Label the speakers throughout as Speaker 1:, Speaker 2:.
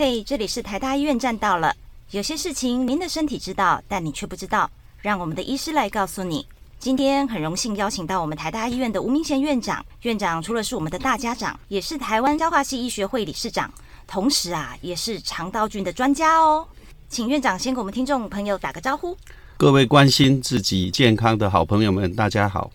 Speaker 1: 嘿，這裡是台大醫院站到了。有些事情您的身體知道，但你卻不知道，讓我們的醫師來告訴你。今天很榮幸邀請到我們台大醫院的吳明賢院長。院長除了是我們的大家長，也是台灣消化系醫學會理事長，同時啊，也是腸道菌的專家哦。請院長先給我們聽眾朋友打個招呼。
Speaker 2: 各位關心自己健康的好朋友們，大家好。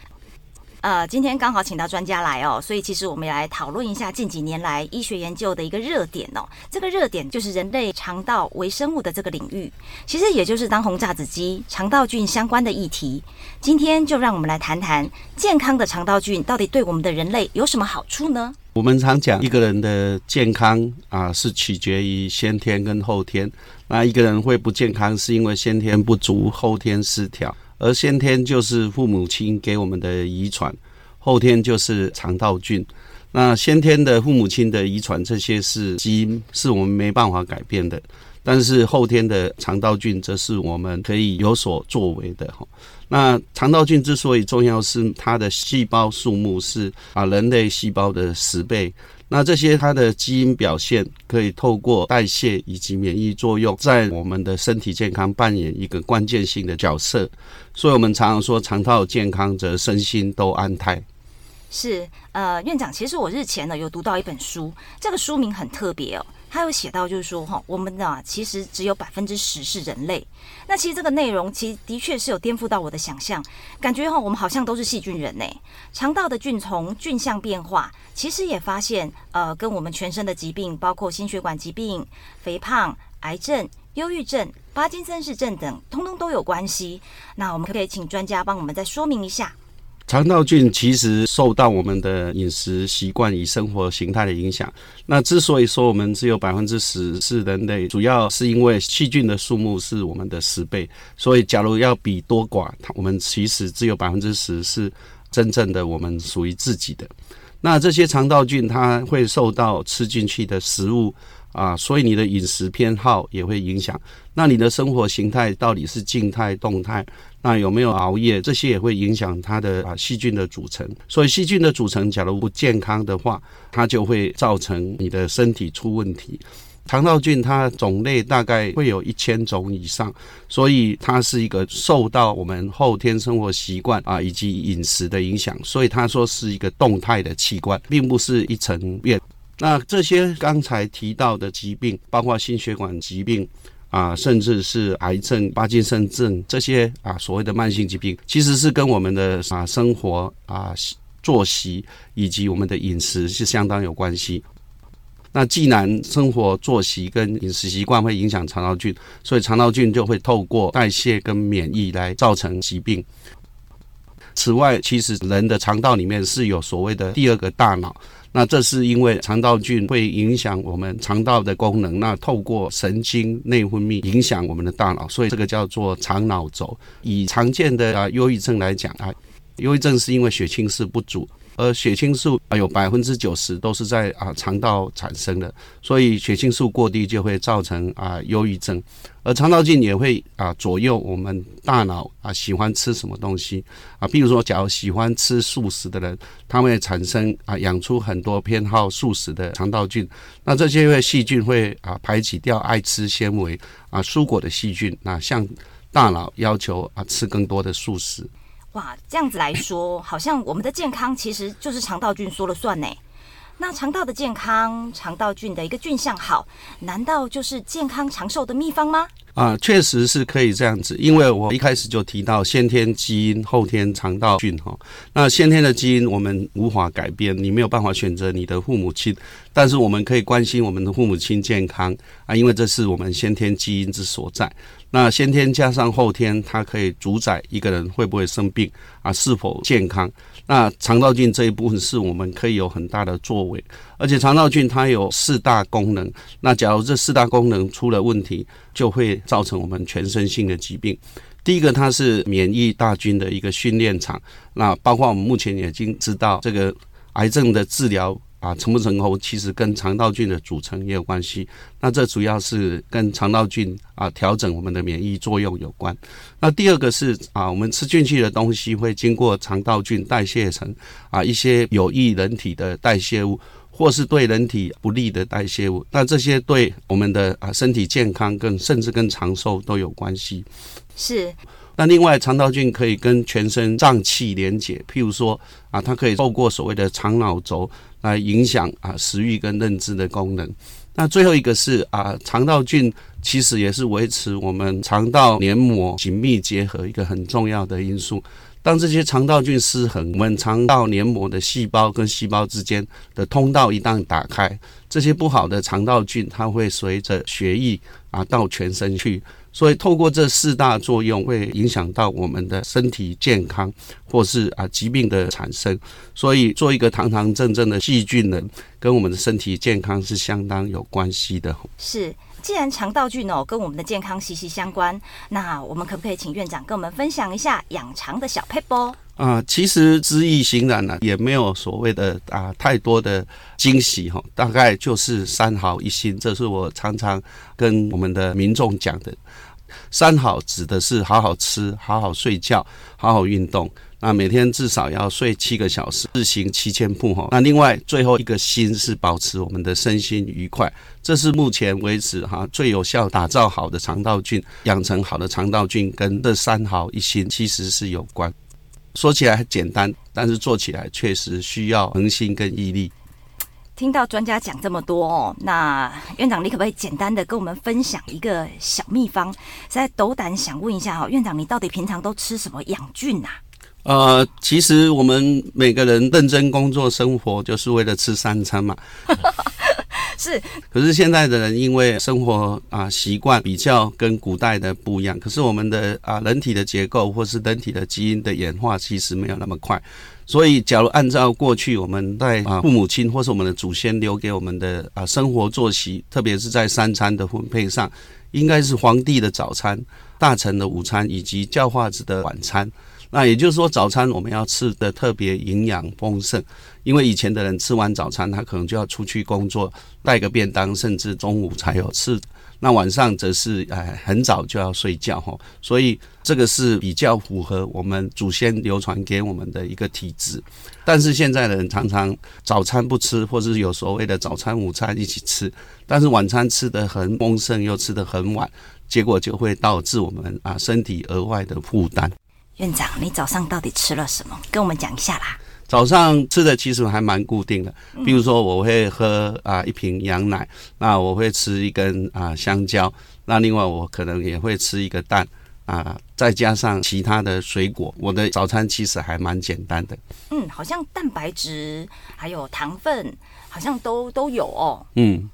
Speaker 1: 呃，今天剛好請到專家來哦，所以其實我們也來討論一下近幾年來醫學研究的一個熱點哦。這個熱點就是人類腸道微生物的這個領域，其實也就是當紅炸子雞腸道菌相關的議題。今天就讓我們來談談健康的腸道菌到底對我們的人類有什麼好處呢？
Speaker 2: 我們常講一個人的健康啊，是取決於先天跟後天。那一個人會不健康，是因為先天不足，後天失調。而先天就是父母親給我們的遺傳，後天就是腸道菌。那先天的父母親的遺傳，這些是基因，是我們沒辦法改變的。但是後天的腸道菌，則是我們可以有所作為的哈。那腸道菌之所以重要，是它的細胞數目，是啊，人類細胞的十倍。那這些它的基因表現可以透過代謝以及免疫作用，在我們的身體健康扮演一個關鍵性的角色。所以，我們常常說，腸道健康則身心都安泰。
Speaker 1: 是，呃，院長，其實我日前呢有讀到一本書，這個書名很特別哦。他有寫到，就是說，哈，我們呢、啊，其實只有百分之十是人類。那其實這個內容，其實的確是有顛覆到我的想象，感覺哈，我們好像都是細菌人呢。腸道的菌叢、菌相變化，其實也發現，呃，跟我們全身的疾病，包括心血管疾病、肥胖、癌症、憂鬱症、帕金森氏症等，通通都有關係。那我們可以請專家幫我們再說明一下。
Speaker 2: 腸道菌其實受到我們的飲食習慣與生活形態的影響。那之所以說我們只有百分之十是人類，主要是因為細菌的數目是我們的十倍。所以，假如要比多寡，我們其實只有百分之十是真正的我們屬於自己的。那這些腸道菌，它會受到吃進去的食物。啊，所以你的飲食偏好也會影響。那你的生活形態到底是靜態、動態？那有沒有熬夜？這些也會影響它的啊細菌的組成。所以細菌的組成，假如不健康的話，它就會造成你的身體出問題。腸道菌它種類大概會有一千種以上，所以它是一個受到我們後天生活習慣啊以及飲食的影響。所以它說是一個動態的器官，並不是一層面。那這些剛才提到的疾病，包括心血管疾病啊，甚至是癌症、巴金森症這些啊，所謂的慢性疾病，其實是跟我們的啊生活啊作息以及我們的飲食是相當有關係。那既然生活作息跟飲食習慣會影響腸道菌，所以腸道菌就會透過代謝跟免疫來造成疾病。此外，其實人的腸道裡面是有所謂的第二個大腦。那這是因為腸道菌會影響我們腸道的功能，那透過神經內分泌影響我們的大腦，所以這個叫做腸腦軸。以常見的啊憂鬱症來講啊。憂鬱症是因為血清素不足，而血清素啊有百分之九十都是在啊腸道產生的，所以血清素過低就會造成啊憂鬱症。而腸道菌也會啊左右我們大腦啊喜歡吃什麼東西啊，譬如說假如喜歡吃素食的人，他們會產生啊養出很多偏好素食的腸道菌，那這些細菌會啊排擠掉愛吃纖維啊蔬果的細菌，那、啊、向大腦要求啊吃更多的素食。
Speaker 1: 哇，這樣子來說，好像我們的健康其實就是腸道菌說了算呢。那腸道的健康，腸道菌的一個菌相好，難道就是健康長壽的秘方嗎？
Speaker 2: 啊，確實是可以這樣子，因為我一開始就提到先天基因、後天腸道菌哈。那先天的基因我們無法改變，你沒有辦法選擇你的父母親，但是我們可以關心我們的父母親健康啊，因為這是我們先天基因之所在。那先天加上後天，它可以主宰一個人會不會生病啊，是否健康。那腸道菌這一部分是我們可以有很大的作為，而且腸道菌它有四大功能。那假如這四大功能出了問題，就會造成我們全身性的疾病。第一個，它是免疫大軍的一個訓練場。那包括我們目前已經知道，這個癌症的治療啊成不成功，其實跟腸道菌的組成也有關係。那這主要是跟腸道菌啊調整我們的免疫作用有關。那第二個是啊，我們吃進去的東西會經過腸道菌代謝成啊一些有益人體的代謝物。或是對人體不利的代謝物，那這些對我們的啊身體健康跟甚至跟長壽都有關係。是。那另外，腸道菌可以跟全身臟器連接，譬如說啊，它可以透過所謂的腸腦軸來影響啊食欲跟認知的功能。那最後一個是啊，腸道菌其實也是維持我們腸道黏膜緊密結合一個很重要的因素。當這些腸道菌失衡，我們腸道黏膜的細胞跟細胞之間的通道一旦打開，這些不好的腸道菌，它會隨着血液啊到全身去。所以，透過這四大作用，會影響到我們的身體健康，或是啊疾病的產生。所以，做一個堂堂正正的細菌人，跟我們的身體健康是相當有關係的。
Speaker 1: 是。既然腸道菌哦跟我們的健康息息相關，那我們可不可以請院長跟我們分享一下養腸的小撇步？啊、
Speaker 2: 呃，其實知易行難呢、啊，也沒有所謂的啊、呃、太多的驚喜哈、哦，大概就是三好一心，這是我常常跟我們的民眾講的。三好指的是好好吃、好好睡覺、好好運動。啊，每天至少要睡七個小時，日行七千步哈、哦。那另外最後一個心是保持我們的身心愉快，這是目前為止哈最有效打造好的腸道菌，養成好的腸道菌跟這三好一心其實是有關。說起來很簡單，但是做起來確實需要恆心跟毅力。
Speaker 1: 聽到專家講這麼多哦，那院長你可不可以簡單的跟我們分享一個小祕方？實在斗膽想問一下哈、哦，院長你到底平常都吃什麼養菌吶、啊？
Speaker 2: 呃，其實我們每個人認真工作生活，就是為了吃三餐嘛。
Speaker 1: 是，
Speaker 2: 可是現在的人因為生活啊習慣比較跟古代的不一樣，可是我們的啊人體的結構或是人體的基因的演化其實沒有那麼快，所以假如按照過去我們在父母親或是我們的祖先留給我們的啊生活作息，特別是在三餐的分配上，應該是皇帝的早餐、大臣的午餐以及叫化子的晚餐。那也就是說，早餐我們要吃的特別營養豐盛，因為以前的人吃完早餐，他可能就要出去工作，帶個便當，甚至中午才有吃。那晚上則是，哎，很早就要睡覺吼。所以這個是比較符合我們祖先流傳給我們的一個體質。但是現在的人常常早餐不吃，或者是有所謂的早餐、午餐一起吃，但是晚餐吃得很豐盛，又吃得很晚，結果就會導致我們啊身體額外的負擔。
Speaker 1: 院長，你早上到底吃了什麼？跟我們講一下啦。
Speaker 2: 早上吃的其實還蠻固定的，比如說我會喝啊、呃、一瓶羊奶，那我會吃一根啊、呃、香蕉，那另外我可能也會吃一個蛋啊、呃，再加上其他的水果。我的早餐其實還蠻簡單的。
Speaker 1: 嗯，好像蛋白質還有糖分，好像都都有哦。嗯。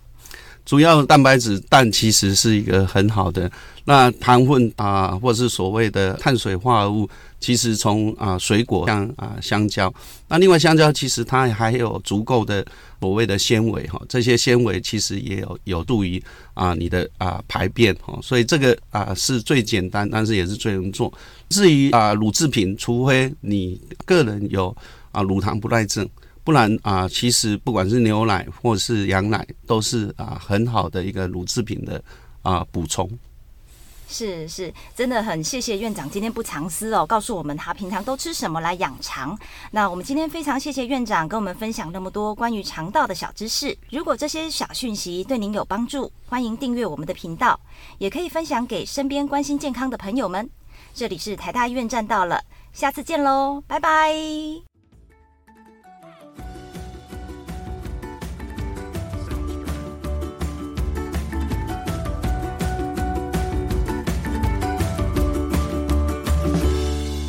Speaker 2: 主要蛋白質，蛋其實是一個很好的。那糖分啊、呃，或是所謂的碳水化合物，其實從啊、呃、水果像啊、呃、香蕉，那另外香蕉其實它還有足夠的所謂的纖維哈，這些纖維其實也有有助於啊、呃、你的啊、呃、排便哦，所以這個啊是最簡單，但是也是最容易做。至於啊、呃、乳制品，除非你個人有啊、呃、乳糖不耐症。不然啊、呃，其實不管是牛奶或是羊奶，都是啊、呃、很好的一個乳制品的啊補、呃、充。
Speaker 1: 是是，真的很謝謝院長今天不藏私哦，告訴我們他平常都吃什麼來養腸。那我們今天非常謝謝院長跟我們分享那麼多關於腸道的小知識。如果這些小訊息對您有幫助，歡迎訂閱我們的頻道，也可以分享給身邊關心健康的朋友們。這裡是台大醫院站到了，下次見嘍，拜拜。